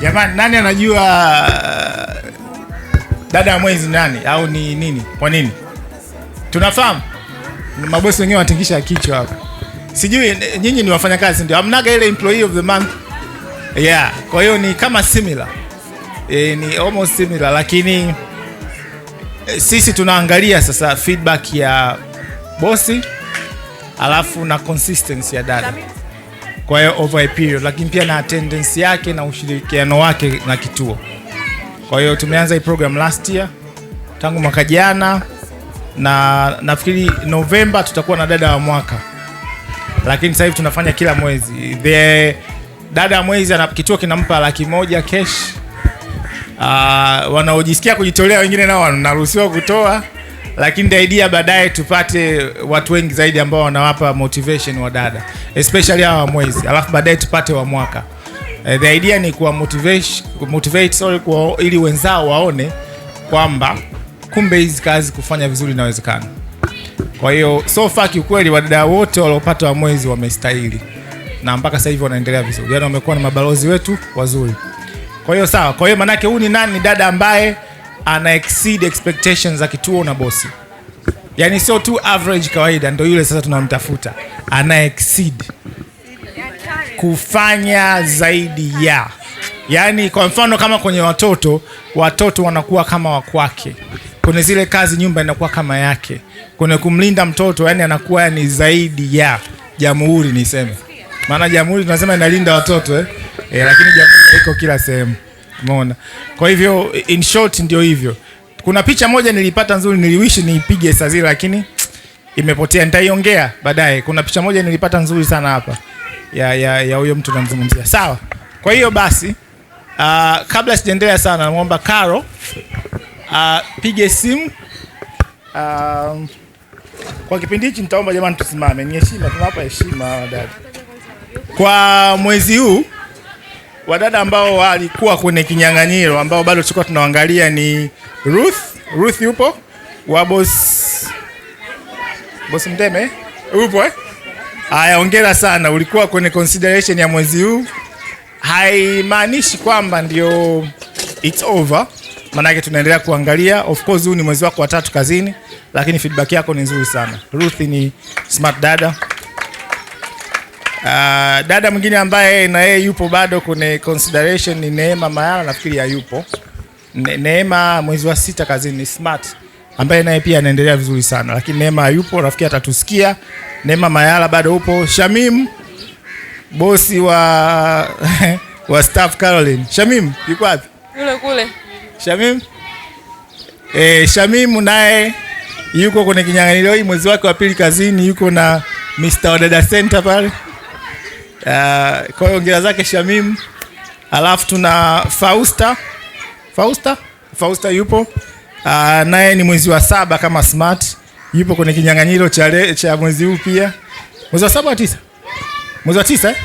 Jamani, nani anajua uh, dada ya mwezi nani au ni nini? Kwa nini tunafahamu mabosi wenyewe wanatingisha kichwa hapa. Sijui nyinyi ni wafanyakazi ndio amnaga ile employee of the month yeah. Kwa hiyo ni kama similar e, ni almost similar, lakini eh, sisi tunaangalia sasa feedback ya bosi alafu na consistency ya dada kwa hiyo over a period, lakini pia na attendance yake na ushirikiano wake na kituo. Kwa hiyo tumeanza hii program last year tangu mwaka jana, na nafikiri Novemba tutakuwa na dada wa mwaka, lakini sasa hivi tunafanya kila mwezi. The dada wa mwezi ana kituo kinampa laki moja cash. Uh, wanaojisikia kujitolea wengine nao wanaruhusiwa kutoa lakini the idea baadaye tupate watu wengi zaidi ambao wanawapa motivation dada especially hawa mwezi, alafu baadaye tupate wa mwaka. Uh, the idea ni kuwa motivate, motivate sorry, kuwa ili wenzao waone kwamba kumbe hizi kazi kufanya vizuri inawezekana. Kwa hiyo so far kiukweli wadada wote waliopata wa mwezi wamestahili na mpaka sasa hivi wanaendelea vizuri, yani wamekuwa na mabalozi wetu wazuri. Kwa hiyo sawa. Kwa hiyo manake huyu ni nani? Ni dada ambaye ana exceed expectations za kituo na bosi, yaani sio tu average kawaida. Ndio yule sasa tunamtafuta, ana exceed kufanya zaidi ya yaani, kwa mfano kama kwenye watoto, watoto wanakuwa kama wakwake kwenye zile kazi, nyumba inakuwa kama yake, kwenye kumlinda mtoto, yani anakuwa ni zaidi ya jamhuri niseme, maana jamhuri tunasema inalinda watoto eh? Eh, lakini jamhuri iko kila sehemu. Umeona? Kwa hivyo in short ndio hivyo. Kuna picha moja nilipata nzuri, niliwishi niipige saa zile, lakini imepotea. Nitaiongea baadaye. Kuna picha moja nilipata nzuri sana hapa ya ya ya huyo mtu namzungumzia. Sawa. Kwa hiyo basi, uh, kabla sijaendelea sana, naomba Karo uh, ah, pige simu uh, kwa kipindi hichi nitaomba jamani, tusimame. Ni heshima, tunawapa heshima dada kwa mwezi huu wadada ambao walikuwa kwenye kinyang'anyiro ambao bado tulikuwa tunaangalia ni Ruth. Ruth yupo wa boss boss Mdeme yupo eh? Aya, hongera sana, ulikuwa kwenye consideration ya mwezi huu. Haimaanishi kwamba ndio it's over, maanake tunaendelea kuangalia. Of course huu ni mwezi wako wa tatu kazini, lakini feedback yako ni nzuri sana. Ruth ni smart dada. Uh, dada mwingine ambaye na yeye yupo bado kwenye consideration ni Neema Mayala, nafikiri hayupo. Ne Neema mwezi wa sita kazini ni smart ambaye naye pia anaendelea vizuri sana, lakini Neema hayupo, rafiki atatusikia. Neema Mayala bado upo. Shamim bosi wa wa staff Caroline. Shamim yuko wapi? Kule kule. Shamim eh, Shamim naye yuko kwenye kinyang'anyiro hii, mwezi wake wa pili kazini, yuko na Mr. Wadada Center pale. Uh, kwa hiyo ongera zake Shamim. Alafu tuna Fausta. Fausta? Fausta yupo. Uh, naye ni mwezi wa saba kama smart. Yupo kwenye kinyang'anyiro cha cha mwezi huu pia. Mwezi wa saba au tisa? Mwezi wa tisa eh?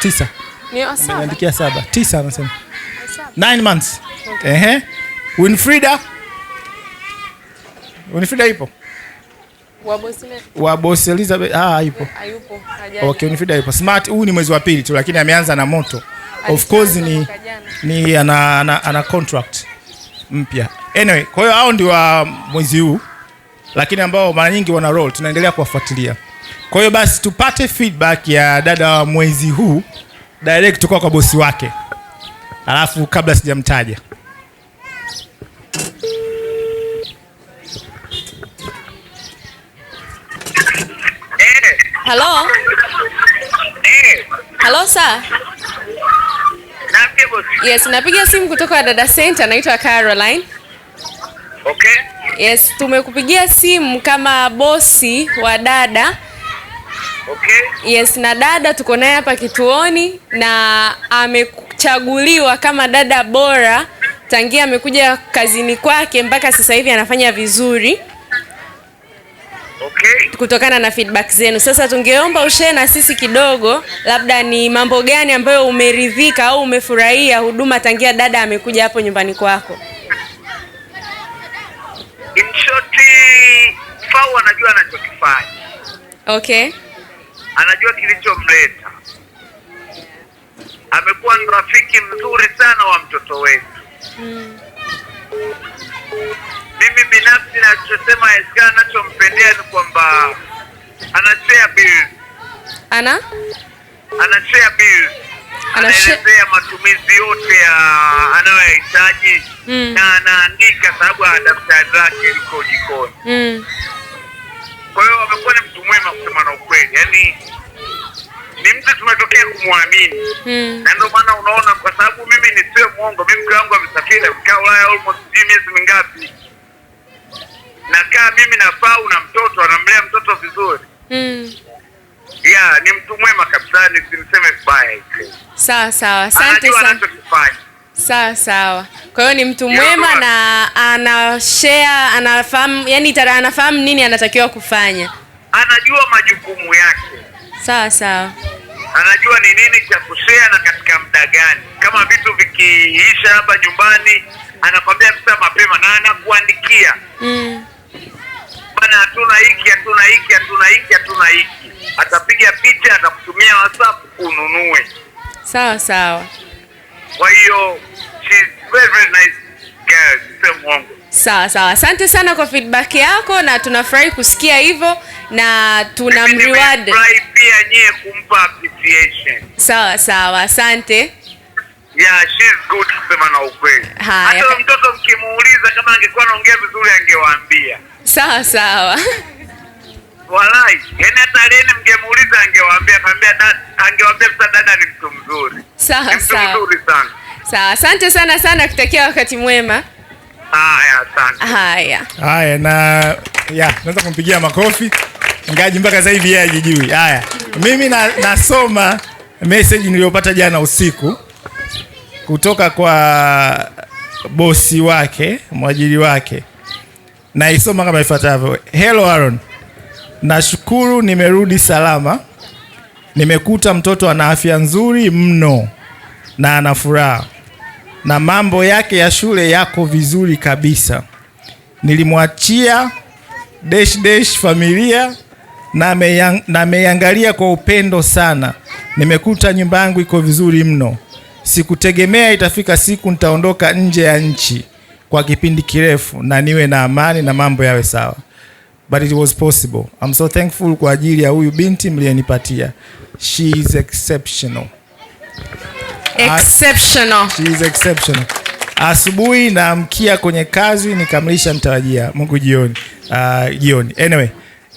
Tisa. Niandikia saba. Tisa anasema. Nine months. Okay. Ehe. Winfrida. Winfrida ipo wa boss Elizabeth ah, yupo hayupo, okay, Unifida yupo smart. Huu ni mwezi wa pili tu, lakini ameanza na moto. Of course ni, ni ana, ana, ana contract mpya anyway. Kwa hiyo hao ndio wa mwezi huu, lakini ambao mara nyingi wana roll, tunaendelea kuwafuatilia. Kwa hiyo basi tupate feedback ya dada wa mwezi huu direct kutoka kwa bosi wake, alafu kabla sijamtaja Hello? Hey. Eh. Hello, sir. Yes, napiga simu kutoka Wadada Center, naitwa Caroline. Okay. Yes, tumekupigia simu kama bosi wa dada. Okay. Yes, na dada tuko naye hapa kituoni na amechaguliwa kama dada bora tangia amekuja kazini kwake mpaka sasa hivi anafanya vizuri. Okay. Kutokana na feedback zenu sasa, tungeomba ushare na sisi kidogo, labda ni mambo gani ambayo umeridhika au umefurahia huduma tangia dada amekuja hapo nyumbani kwako? In short, Fau anajua anachokifanya. Okay. Anajua kilichomleta, amekuwa ni rafiki mzuri sana wa mtoto wetu mm. Mimi binafsi nachosema Eska anachompendea ni kwamba ana share ana ana share anaelezea matumizi yote ya anayoyahitaji mm. na anaandika sababu ya daftari lake liko jikoni mm. Kwa hiyo amekuwa ni mtu mwema kusema na ukweli, yaani ni mtu tumetokea kumwamini mm. na ndio maana unaona, kwa sababu mimi nisiwe mwongo, mimi mke wangu amesafiri amekaa Ulaya almost miezi mingapi nakaa mimi na Fau na mtoto, anamlea mtoto vizuri mm. Yeah, ni mtu mwema kabisa, nisimseme vibaya. Sawa sawa, asante sana. Sawa sawa. Kwa hiyo ni mtu mwema na ana share, anafahamu yani tara, anafahamu nini anatakiwa kufanya, anajua majukumu yake. Sawa sawa, anajua ni nini cha kushare na katika muda gani. Kama vitu vikiisha hapa nyumbani, anakwambia sasa mapema na anakuandikia mm bana, hatuna hiki hatuna hiki hatuna hiki hatuna hiki, atapiga picha, atakutumia WhatsApp ununue. Sawa sawa. Kwa hiyo very very nice girl. Sawa sawa, asante sana kwa feedback yako na tunafurahi kusikia hivyo na tuna mreward pia nyie kumpa appreciation. Sawa sawa, asante. Yeah, she's good kusema na ukweli. Hata mtoto mkimuuliza kama angekuwa anaongea vizuri angewaambia. Sawa sawa. Walai, yani hata leni mngemuuliza angewaambia kaambia dada angewaambia sasa dada ni mtu mzuri. Sawa sawa. Mtu mzuri sana. Sawa, asante sana sana kutakia wakati mwema. Haya, asante. Haya. Haya na ya, naweza kumpigia makofi. Ngaji mpaka sasa hivi yeye ajijui. Haya. Mimi na, nasoma message niliyopata jana usiku kutoka kwa bosi wake, mwajiri wake naisoma kama ifuatavyo. Hello Aaron, nashukuru nimerudi salama. Nimekuta mtoto ana afya nzuri mno na ana furaha na mambo yake ya shule yako vizuri kabisa. Nilimwachia dash dash familia na ameiangalia kwa upendo sana. Nimekuta nyumba yangu iko vizuri mno, sikutegemea itafika siku nitaondoka nje ya nchi kwa kipindi kirefu na niwe na amani na mambo yawe sawa. But it was possible. I'm so thankful kwa ajili ya huyu binti mlienipatia She is exceptional. Exceptional. She is exceptional. Asubuhi naamkia kwenye kazi nikamlisha mtarajia Mungu jioni. Uh, jioni. Anyway,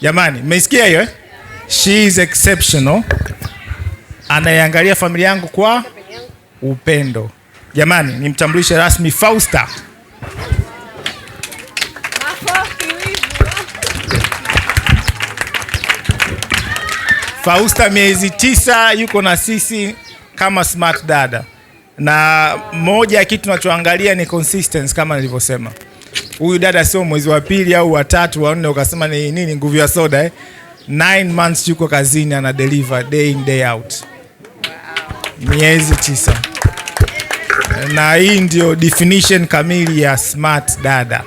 jamani, mmeisikia hiyo eh? She is exceptional. Anaiangalia familia yangu kwa upendo. Jamani, nimtambulishe rasmi Fausta. Fausta miezi tisa yuko na sisi kama smart dada, na moja ya kitu tunachoangalia ni consistency kama nilivyosema. Huyu dada sio mwezi wa pili au wa tatu wa nne ukasema ni nini nguvu ya soda eh? Nine months yuko kazini ana deliver day in day out. Miezi tisa na hii ndio definition kamili ya smart dada,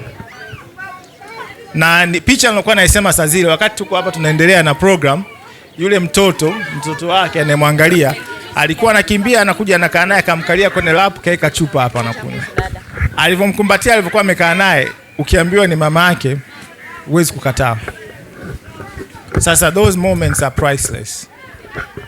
na picha nilikuwa naisema saa zile wakati tuko hapa tunaendelea na program yule mtoto mtoto wake anemwangalia alikuwa anakimbia anakuja anakaa naye akamkalia kwenye lap kaeka chupa hapa anakunywa. Alivyomkumbatia alivyokuwa amekaa naye, ukiambiwa ni mama yake huwezi kukataa. Sasa those moments are priceless.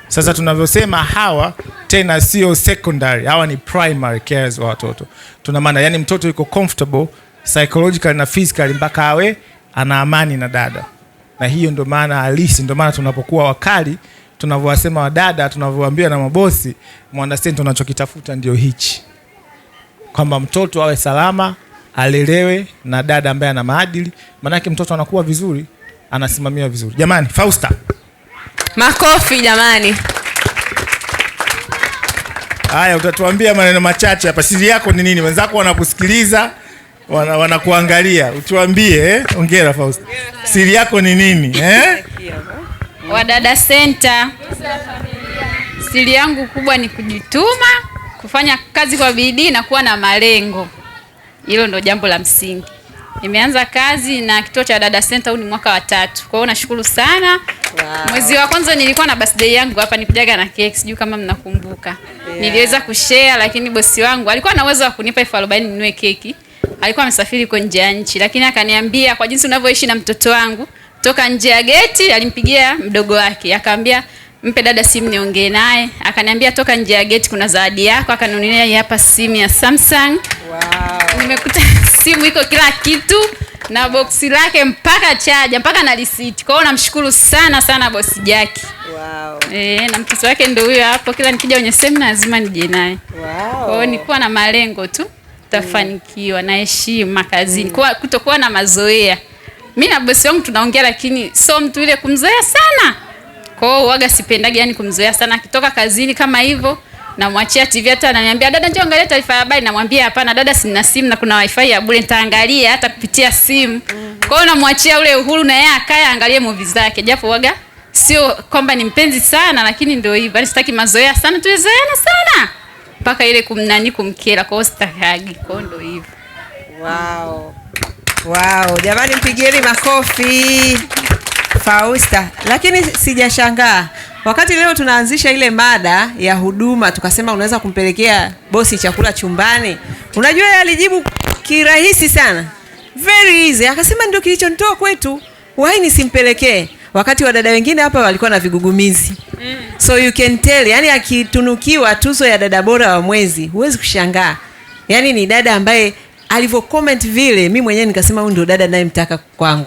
Sasa tunavyosema hawa tena sio secondary, hawa ni primary cares wa watoto. Tuna maana yani mtoto yuko comfortable psychologically na physically mpaka awe ana amani na dada na hiyo ndio maana halisi, ndio maana tunapokuwa wakali, tunavyowasema wadada, tunavyowaambia na mabosi, mwandastendi, tunachokitafuta ndio hichi, kwamba mtoto awe salama, alelewe na dada ambaye ana maadili, maanake mtoto anakuwa vizuri, anasimamiwa vizuri. Jamani, Fausta, makofi jamani. Haya, utatuambia maneno machache hapa. Siri yako ni nini? Wenzako wanakusikiliza wana, wanakuangalia utuambie eh? Ongera Faust, siri yako ni nini eh? Wadada Center, siri yangu kubwa ni kujituma, kufanya kazi kwa bidii na kuwa na malengo. Hilo ndo jambo la msingi. Nimeanza kazi na kituo cha Dada Center, huu ni mwaka wa tatu. Kwa hiyo nashukuru sana. Wow. Mwezi wa kwanza nilikuwa na birthday yangu hapa, nikujaga na cake, sijui kama mnakumbuka. Yeah. Niliweza kushare, lakini bosi wangu alikuwa na uwezo wa kunipa elfu arobaini ninunue keki alikuwa amesafiri kwa nje ya nchi, lakini akaniambia kwa jinsi unavyoishi na mtoto wangu, toka nje ya geti, alimpigia mdogo wake akaambia mpe dada simu niongee naye, akaniambia toka nje ya geti kuna zawadi yako. Akanunulia hapa simu ya Samsung. Wow. Nimekuta simu iko kila kitu na boksi lake mpaka chaja mpaka na risiti. Kwa hiyo namshukuru sana sana bosi Jaki. Wow. E, na mtoto wake ndio huyo hapo, kila nikija kwenye semina lazima nije naye. Wow. Kwa hiyo nilikuwa na malengo tu utafanikiwa na heshima kazini, Mm. kutokuwa na mazoea. Mimi na bosi wangu tunaongea, lakini sio mtu ile kumzoea sana. Kwa hiyo waga sipendagi yani kumzoea sana. Akitoka kazini kama hivyo namwachia TV, hata ananiambia dada, njoo angalia taarifa ya habari. Namwambia hapana dada, sina simu na kuna wifi ya bure, nitaangalia hata kupitia simu. Kwa hiyo namwachia ule uhuru, na yeye akaye angalie movie zake, japo waga sio kwamba ni mpenzi sana, lakini ndio hivyo, yaani sitaki mazoea sana, tuwezeane sana mpaka ile kumnani kumkera kwao stakagi kondo hivyo. Wow. Wow. Jamani, mpigieni makofi Fausta. Lakini sijashangaa wakati leo tunaanzisha ile mada ya huduma, tukasema unaweza kumpelekea bosi chakula chumbani. Unajua yeye alijibu kirahisi sana, very easy, akasema ndio kilichonitoa kwetu, wai nisimpelekee wakati wa dada wengine hapa walikuwa na vigugumizi mm. So you can tell, yani akitunukiwa tuzo ya dada bora wa mwezi huwezi kushangaa, yani ni dada ambaye alivyo comment vile, mi mwenyewe nikasema huyu ndio dada nayemtaka kwangu.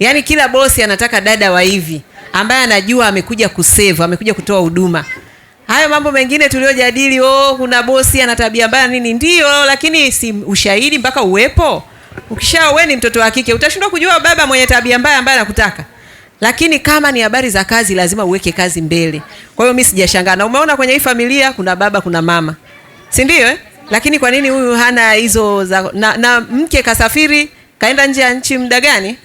Yani kila bosi anataka dada wa hivi ambaye anajua amekuja kusave, amekuja kutoa huduma. Hayo mambo mengine tuliyojadili, oh, kuna bosi ana tabia mbaya nini, ndio lakini si ushahidi mpaka uwepo. Ukishaoweni mtoto wa kike utashindwa kujua baba mwenye tabia mbaya ambaye anakutaka lakini kama ni habari za kazi, lazima uweke kazi mbele. Kwa hiyo mimi sijashangaa, na umeona kwenye hii familia kuna baba, kuna mama, si ndio eh? Lakini kwa nini huyu hana hizo za na, na mke kasafiri kaenda nje ya nchi muda gani?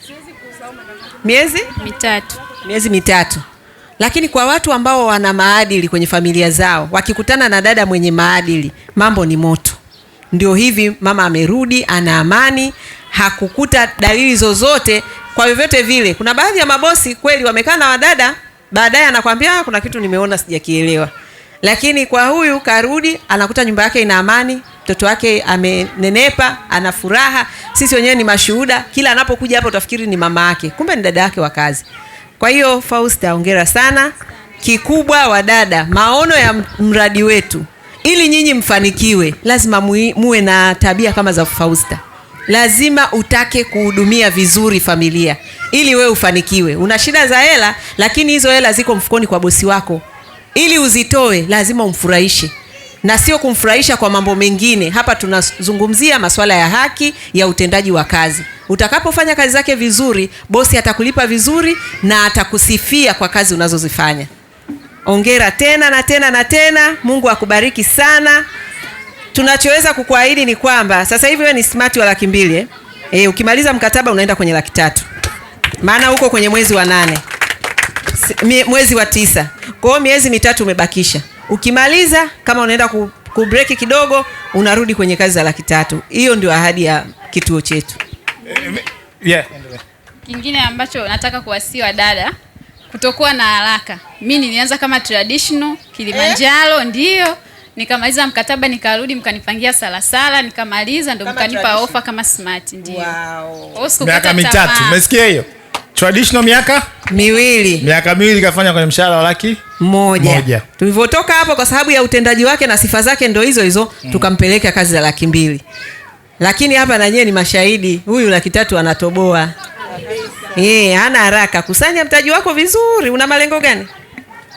Miezi mitatu, miezi mitatu. Lakini kwa watu ambao wana maadili kwenye familia zao, wakikutana na dada mwenye maadili, mambo ni moto. Ndio hivi, mama amerudi ana amani, hakukuta dalili zozote kwa vyovyote vile. Kuna baadhi ya mabosi kweli wamekaa na wadada, baadaye anakwambia ah, kuna kitu nimeona sijakielewa, lakini kwa huyu karudi, anakuta nyumba yake ina amani, mtoto wake amenenepa, ana furaha. Sisi wenyewe ni mashuhuda, kila anapokuja hapa utafikiri ni mama yake, kumbe ni dada yake wa kazi. Kwa hiyo Fausta, hongera sana. Kikubwa wadada, maono ya mradi wetu, ili nyinyi mfanikiwe, lazima muwe na tabia kama za Fausta lazima utake kuhudumia vizuri familia ili we ufanikiwe. Una shida za hela, lakini hizo hela ziko mfukoni kwa bosi wako, ili uzitoe lazima umfurahishe na sio kumfurahisha kwa mambo mengine. Hapa tunazungumzia masuala ya haki ya utendaji wa kazi. Utakapofanya kazi zake vizuri, bosi atakulipa vizuri na atakusifia kwa kazi unazozifanya. Ongera tena na tena na tena. Mungu akubariki sana tunachoweza kukuahidi ni kwamba sasa hivi wewe ni smart wa laki mbili eh? Eh, ukimaliza mkataba unaenda kwenye laki tatu maana uko kwenye mwezi wa nane mwezi wa tisa. Kwa hiyo miezi mitatu umebakisha. Ukimaliza kama unaenda ku, ku break kidogo unarudi kwenye kazi za laki tatu. Hiyo ndio ahadi ya kituo chetu. Yeah. Kingine ambacho nataka kuwasiwa dada kutokuwa na haraka. Mimi nilianza kama traditional Kilimanjaro eh, ndio nikamaliza mkataba nikarudi mkanipangia salasala nikamaliza, ndo mkanipa ofa kama smart. Ndio, wow. Miaka mitatu, umesikia hiyo? Traditional miaka miwili, miaka miwili kafanya kwenye mshahara wa laki moja, moja. Tulivyotoka hapo kwa sababu ya utendaji wake na sifa zake ndo hizo hizo mm. Tukampeleka kazi za laki mbili, lakini hapa nanyewe ni mashahidi, huyu laki tatu anatoboa. Ye, hana haraka. Kusanya mtaji wako vizuri. Una malengo gani?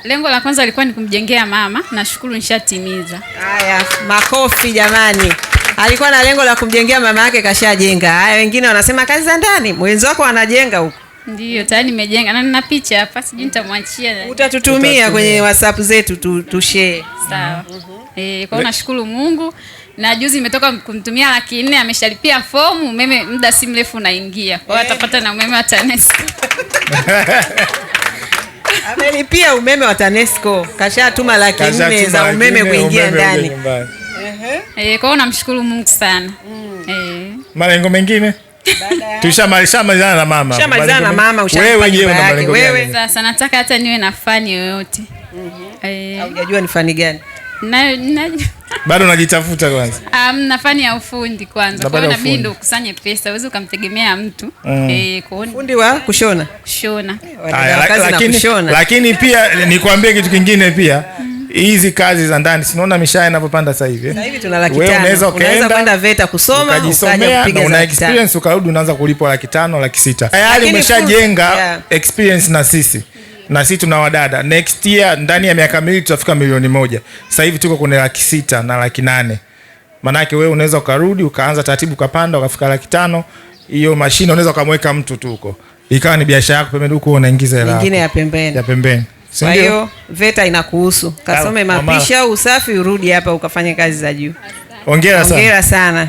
Lengo la kwanza lilikuwa ni kumjengea mama, nashukuru nishatimiza. Haya, makofi jamani. Alikuwa na lengo la kumjengea mama yake, kashajenga. Haya, wengine wanasema kazi za ndani, mwenzi wako anajenga huko. Ndio, tayari nimejenga na nina picha hapa, sijui nitamwachia. Utatutumia kwenye WhatsApp zetu tu, tu share. Sawa. mm -hmm. Eh, kwa nashukuru Mungu na juzi imetoka kumtumia laki nne, ameshalipia fomu. Umeme muda si mrefu unaingia, kwa hiyo eh. atapata na umeme wa amelipia umeme wa TANESCO, kashatuma laki nne za umeme kuingia ndani. Eh, kwa hiyo namshukuru Mungu sana. Mm. Eh. Malengo mengine tushamalizana na mama, na mama. Sasa nataka hata niwe na fani yoyote. Haujajua mhm. eh. ni fani gani? na, na... bado najitafuta kwanza. Um, nafani ya ufundi kwanza, kwa hiyo inabidi ndio pesa, uweze ukamtegemea mtu mm. E, eh, kuhuni... fundi wa kushona kushona. Haya, lakini, kushona. lakini pia nikwambie kitu kingine pia mm. hizi kazi za ndani sinaona mishahara inavyopanda sasa hivi. Sasa hivi tuna laki tano. Unaweza kwenda VETA kusoma, ukajisomea na una experience ukarudi unaanza kulipwa laki tano, laki sita. Tayari umeshajenga yeah. experience na sisi na sisi tuna wadada. Next year ndani ya miaka miwili tutafika milioni moja. Sasa hivi tuko kwenye laki sita na laki nane. Maanake wewe unaweza ukarudi ukaanza taratibu ukapanda ukafika laki tano. Hiyo mashine unaweza ukamweka mtu tu huko, ikawa ni biashara yako pembeni, huko unaingiza hela nyingine ya pembeni ya pembeni. Kwa hiyo VETA inakuhusu, kasome mapishi au usafi, urudi hapa ukafanye kazi za juu. Hongera sana, ongera sana.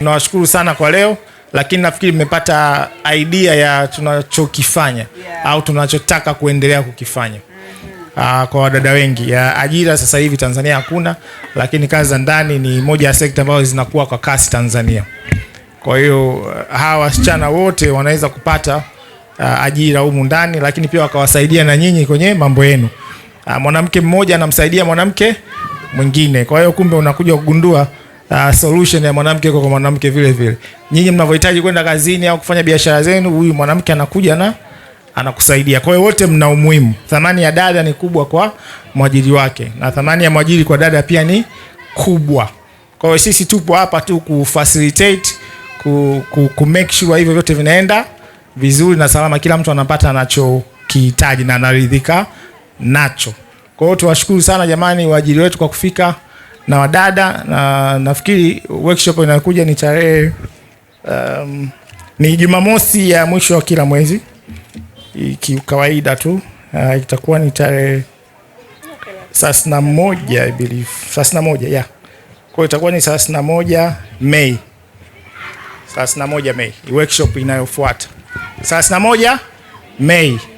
Nawashukuru sana kwa leo lakini nafikiri mmepata idea ya tunachokifanya yeah, au tunachotaka kuendelea kukifanya mm-hmm. Aa, ah, kwa wadada wengi ya ajira sasa hivi Tanzania hakuna, lakini kazi za ndani ni moja ya sekta ambazo zinakuwa kwa kasi Tanzania. Kwa hiyo ah, hawa wasichana wote wanaweza kupata uh, ajira humu ndani, lakini pia wakawasaidia na nyinyi kwenye mambo yenu. Uh, mwanamke mmoja anamsaidia mwanamke mwingine, kwa hiyo kumbe unakuja kugundua uh, solution ya mwanamke kwa mwanamke vile vile. Nyinyi mnavyohitaji kwenda kazini au kufanya biashara zenu, huyu mwanamke anakuja na anakusaidia. Kwa hiyo wote mna umuhimu. Thamani ya dada ni kubwa kwa mwajiri wake na thamani ya mwajiri kwa dada pia ni kubwa. Kwa hiyo sisi tupo hapa tu ku facilitate ku, ku, ku make sure hivyo vyote vinaenda vizuri na salama, kila mtu anapata anachokihitaji na anaridhika nacho. Kwa hiyo tuwashukuru sana jamani waajiri wetu kwa kufika na wadada, na nafikiri workshop inakuja ni tarehe um, ni Jumamosi ya mwisho wa kila mwezi kawaida tu uh, itakuwa ni tarehe thelathini na moja I believe, thelathini na moja yeah. Kwa hiyo itakuwa ni thelathini na moja Mei, thelathini na moja Mei workshop inayofuata, thelathini na moja Mei.